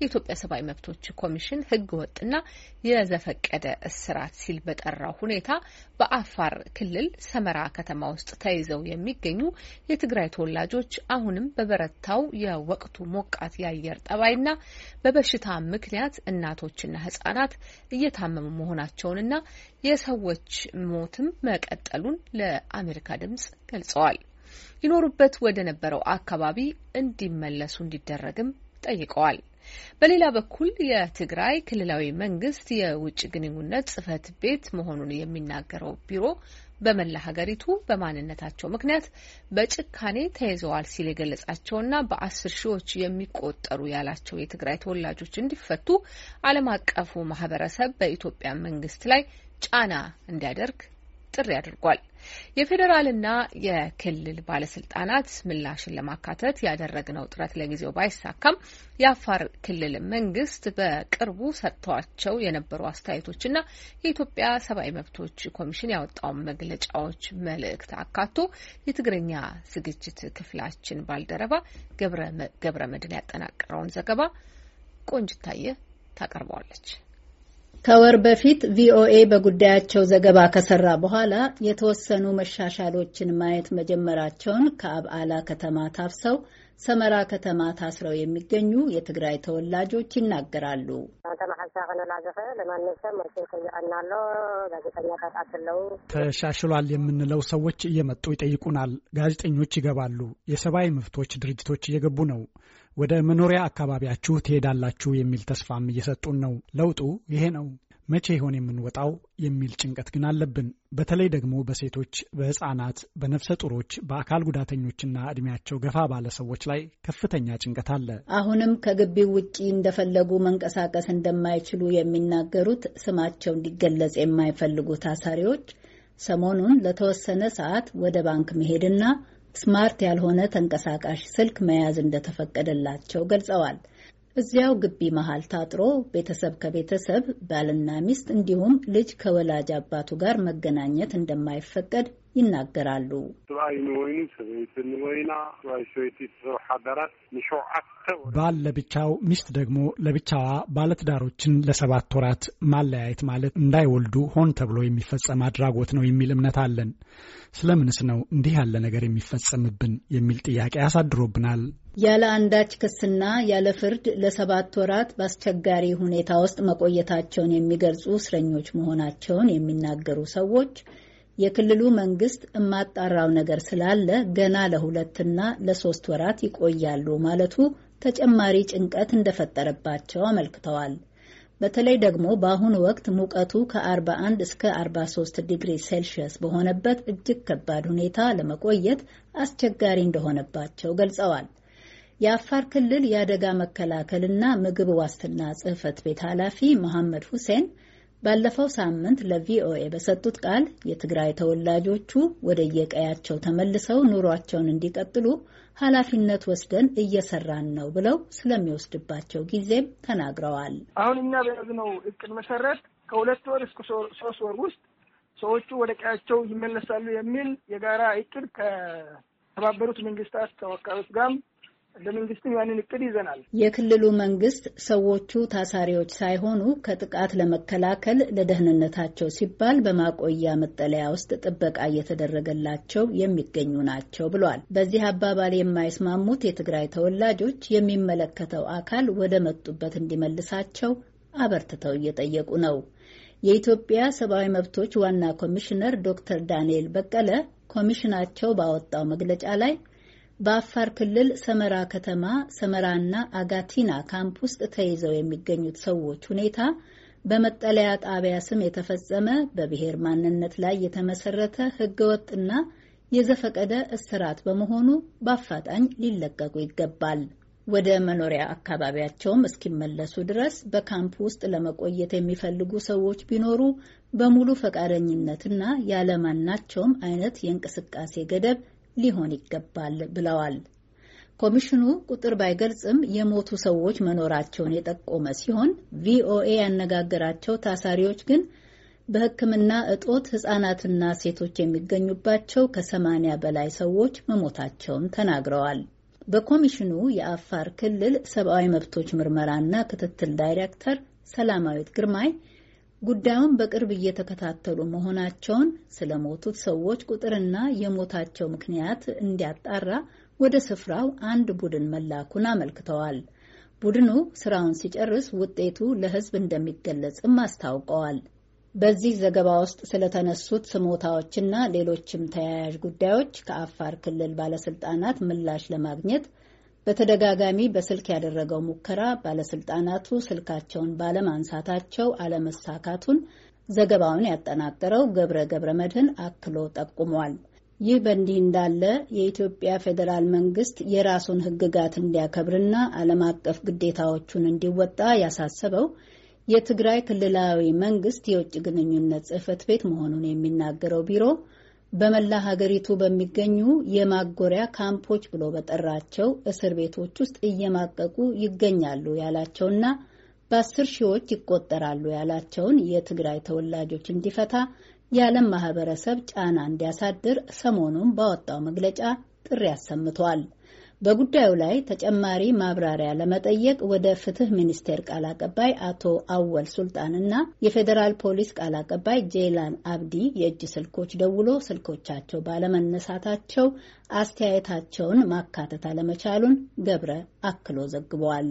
የኢትዮጵያ ሰብአዊ መብቶች ኮሚሽን ህገ ወጥና የዘፈቀደ እስራት ሲል በጠራው ሁኔታ በአፋር ክልል ሰመራ ከተማ ውስጥ ተይዘው የሚገኙ የትግራይ ተወላጆች አሁንም በበረታው የወቅቱ ሞቃት የአየር ጠባይና በበሽታ ምክንያት እናቶችና ህጻናት እየታመሙ መሆናቸውንና የሰዎች ሞትም መቀጠሉን ለአሜሪካ ድምጽ ገልጸዋል። ይኖሩበት ወደ ነበረው አካባቢ እንዲመለሱ እንዲደረግም ጠይቀዋል። በሌላ በኩል የትግራይ ክልላዊ መንግስት የውጭ ግንኙነት ጽህፈት ቤት መሆኑን የሚናገረው ቢሮ በመላ ሀገሪቱ በማንነታቸው ምክንያት በጭካኔ ተይዘዋል ሲል የገለጻቸውና በአስር ሺዎች የሚቆጠሩ ያላቸው የትግራይ ተወላጆች እንዲፈቱ ዓለም አቀፉ ማህበረሰብ በኢትዮጵያ መንግስት ላይ ጫና እንዲያደርግ ጥሪ አድርጓል። የፌዴራልና የክልል ባለስልጣናት ምላሽን ለማካተት ያደረግነው ጥረት ለጊዜው ባይሳካም የአፋር ክልል መንግስት በቅርቡ ሰጥተዋቸው የነበሩ አስተያየቶችና የኢትዮጵያ ሰብአዊ መብቶች ኮሚሽን ያወጣውን መግለጫዎች መልእክት አካቶ የትግረኛ ዝግጅት ክፍላችን ባልደረባ ገብረ መድን ያጠናቀረውን ዘገባ ቆንጅታየ ታቀርበዋለች። ከወር በፊት ቪኦኤ በጉዳያቸው ዘገባ ከሰራ በኋላ የተወሰኑ መሻሻሎችን ማየት መጀመራቸውን ከአብዓላ ከተማ ታፍሰው ሰመራ ከተማ ታስረው የሚገኙ የትግራይ ተወላጆች ይናገራሉ። ተሻሽሏል የምንለው ሰዎች እየመጡ ይጠይቁናል። ጋዜጠኞች ይገባሉ። የሰብአዊ መብቶች ድርጅቶች እየገቡ ነው። ወደ መኖሪያ አካባቢያችሁ ትሄዳላችሁ የሚል ተስፋም እየሰጡን ነው። ለውጡ ይሄ ነው። መቼ ይሆን የምንወጣው የሚል ጭንቀት ግን አለብን። በተለይ ደግሞ በሴቶች፣ በህፃናት፣ በነፍሰ ጡሮች፣ በአካል ጉዳተኞችና እድሜያቸው ገፋ ባለ ሰዎች ላይ ከፍተኛ ጭንቀት አለ። አሁንም ከግቢው ውጪ እንደፈለጉ መንቀሳቀስ እንደማይችሉ የሚናገሩት ስማቸው እንዲገለጽ የማይፈልጉ ታሳሪዎች ሰሞኑን ለተወሰነ ሰዓት ወደ ባንክ መሄድና ስማርት ያልሆነ ተንቀሳቃሽ ስልክ መያዝ እንደተፈቀደላቸው ገልጸዋል። እዚያው ግቢ መሃል ታጥሮ ቤተሰብ ከቤተሰብ ባልና ሚስት እንዲሁም ልጅ ከወላጅ አባቱ ጋር መገናኘት እንደማይፈቀድ ይናገራሉ። ባል ለብቻው ሚስት ደግሞ ለብቻዋ ባለትዳሮችን ለሰባት ወራት ማለያየት ማለት እንዳይወልዱ ሆን ተብሎ የሚፈጸም አድራጎት ነው የሚል እምነት አለን። ስለምንስ ነው እንዲህ ያለ ነገር የሚፈጸምብን የሚል ጥያቄ አሳድሮብናል። ያለ አንዳች ክስና ያለ ፍርድ ለሰባት ወራት በአስቸጋሪ ሁኔታ ውስጥ መቆየታቸውን የሚገልጹ እስረኞች መሆናቸውን የሚናገሩ ሰዎች የክልሉ መንግስት እማጣራው ነገር ስላለ ገና ለሁለትና ለሶስት ወራት ይቆያሉ ማለቱ ተጨማሪ ጭንቀት እንደፈጠረባቸው አመልክተዋል። በተለይ ደግሞ በአሁኑ ወቅት ሙቀቱ ከ41 እስከ 43 ዲግሪ ሴልሺየስ በሆነበት እጅግ ከባድ ሁኔታ ለመቆየት አስቸጋሪ እንደሆነባቸው ገልጸዋል። የአፋር ክልል የአደጋ መከላከልና ምግብ ዋስትና ጽሕፈት ቤት ኃላፊ መሐመድ ሁሴን ባለፈው ሳምንት ለቪኦኤ በሰጡት ቃል የትግራይ ተወላጆቹ ወደ የቀያቸው ተመልሰው ኑሯቸውን እንዲቀጥሉ ኃላፊነት ወስደን እየሰራን ነው ብለው ስለሚወስድባቸው ጊዜም ተናግረዋል። አሁን እኛ በያዝነው እቅድ መሰረት ከሁለት ወር እስከ ሶስት ወር ውስጥ ሰዎቹ ወደ ቀያቸው ይመለሳሉ የሚል የጋራ እቅድ ከተባበሩት መንግስታት ተወካዮች ጋርም ለመንግስትም ያንን እቅድ ይዘናል። የክልሉ መንግስት ሰዎቹ ታሳሪዎች ሳይሆኑ ከጥቃት ለመከላከል ለደህንነታቸው ሲባል በማቆያ መጠለያ ውስጥ ጥበቃ እየተደረገላቸው የሚገኙ ናቸው ብሏል። በዚህ አባባል የማይስማሙት የትግራይ ተወላጆች የሚመለከተው አካል ወደ መጡበት እንዲመልሳቸው አበርትተው እየጠየቁ ነው። የኢትዮጵያ ሰብአዊ መብቶች ዋና ኮሚሽነር ዶክተር ዳንኤል በቀለ ኮሚሽናቸው ባወጣው መግለጫ ላይ በአፋር ክልል ሰመራ ከተማ ሰመራና አጋቲና ካምፕ ውስጥ ተይዘው የሚገኙት ሰዎች ሁኔታ በመጠለያ ጣቢያ ስም የተፈጸመ በብሔር ማንነት ላይ የተመሰረተ ህገወጥና የዘፈቀደ እስራት በመሆኑ በአፋጣኝ ሊለቀቁ ይገባል። ወደ መኖሪያ አካባቢያቸውም እስኪመለሱ ድረስ በካምፕ ውስጥ ለመቆየት የሚፈልጉ ሰዎች ቢኖሩ በሙሉ ፈቃደኝነትና ያለማናቸውም አይነት የእንቅስቃሴ ገደብ ሊሆን ይገባል ብለዋል። ኮሚሽኑ ቁጥር ባይገልጽም የሞቱ ሰዎች መኖራቸውን የጠቆመ ሲሆን ቪኦኤ ያነጋገራቸው ታሳሪዎች ግን በሕክምና እጦት ሕፃናትና ሴቶች የሚገኙባቸው ከሰማንያ በላይ ሰዎች መሞታቸውን ተናግረዋል። በኮሚሽኑ የአፋር ክልል ሰብአዊ መብቶች ምርመራና ክትትል ዳይሬክተር ሰላማዊት ግርማይ ጉዳዩን በቅርብ እየተከታተሉ መሆናቸውን ስለሞቱት ሰዎች ቁጥርና የሞታቸው ምክንያት እንዲያጣራ ወደ ስፍራው አንድ ቡድን መላኩን አመልክተዋል። ቡድኑ ስራውን ሲጨርስ ውጤቱ ለሕዝብ እንደሚገለጽም አስታውቀዋል። በዚህ ዘገባ ውስጥ ስለተነሱት ስሞታዎችና ሌሎችም ተያያዥ ጉዳዮች ከአፋር ክልል ባለስልጣናት ምላሽ ለማግኘት በተደጋጋሚ በስልክ ያደረገው ሙከራ ባለስልጣናቱ ስልካቸውን ባለማንሳታቸው አለመሳካቱን ዘገባውን ያጠናቀረው ገብረ ገብረ መድህን አክሎ ጠቁሟል። ይህ በእንዲህ እንዳለ የኢትዮጵያ ፌዴራል መንግስት የራሱን ሕግጋት እንዲያከብርና ዓለም አቀፍ ግዴታዎቹን እንዲወጣ ያሳሰበው የትግራይ ክልላዊ መንግስት የውጭ ግንኙነት ጽህፈት ቤት መሆኑን የሚናገረው ቢሮ በመላ ሀገሪቱ በሚገኙ የማጎሪያ ካምፖች ብሎ በጠራቸው እስር ቤቶች ውስጥ እየማቀቁ ይገኛሉ ያላቸውና በአስር ሺዎች ይቆጠራሉ ያላቸውን የትግራይ ተወላጆች እንዲፈታ የዓለም ማህበረሰብ ጫና እንዲያሳድር ሰሞኑን ባወጣው መግለጫ ጥሪ አሰምቷል። በጉዳዩ ላይ ተጨማሪ ማብራሪያ ለመጠየቅ ወደ ፍትህ ሚኒስቴር ቃል አቀባይ አቶ አወል ሱልጣን እና የፌዴራል ፖሊስ ቃል አቀባይ ጄላን አብዲ የእጅ ስልኮች ደውሎ ስልኮቻቸው ባለመነሳታቸው አስተያየታቸውን ማካተት አለመቻሉን ገብረ አክሎ ዘግቧል።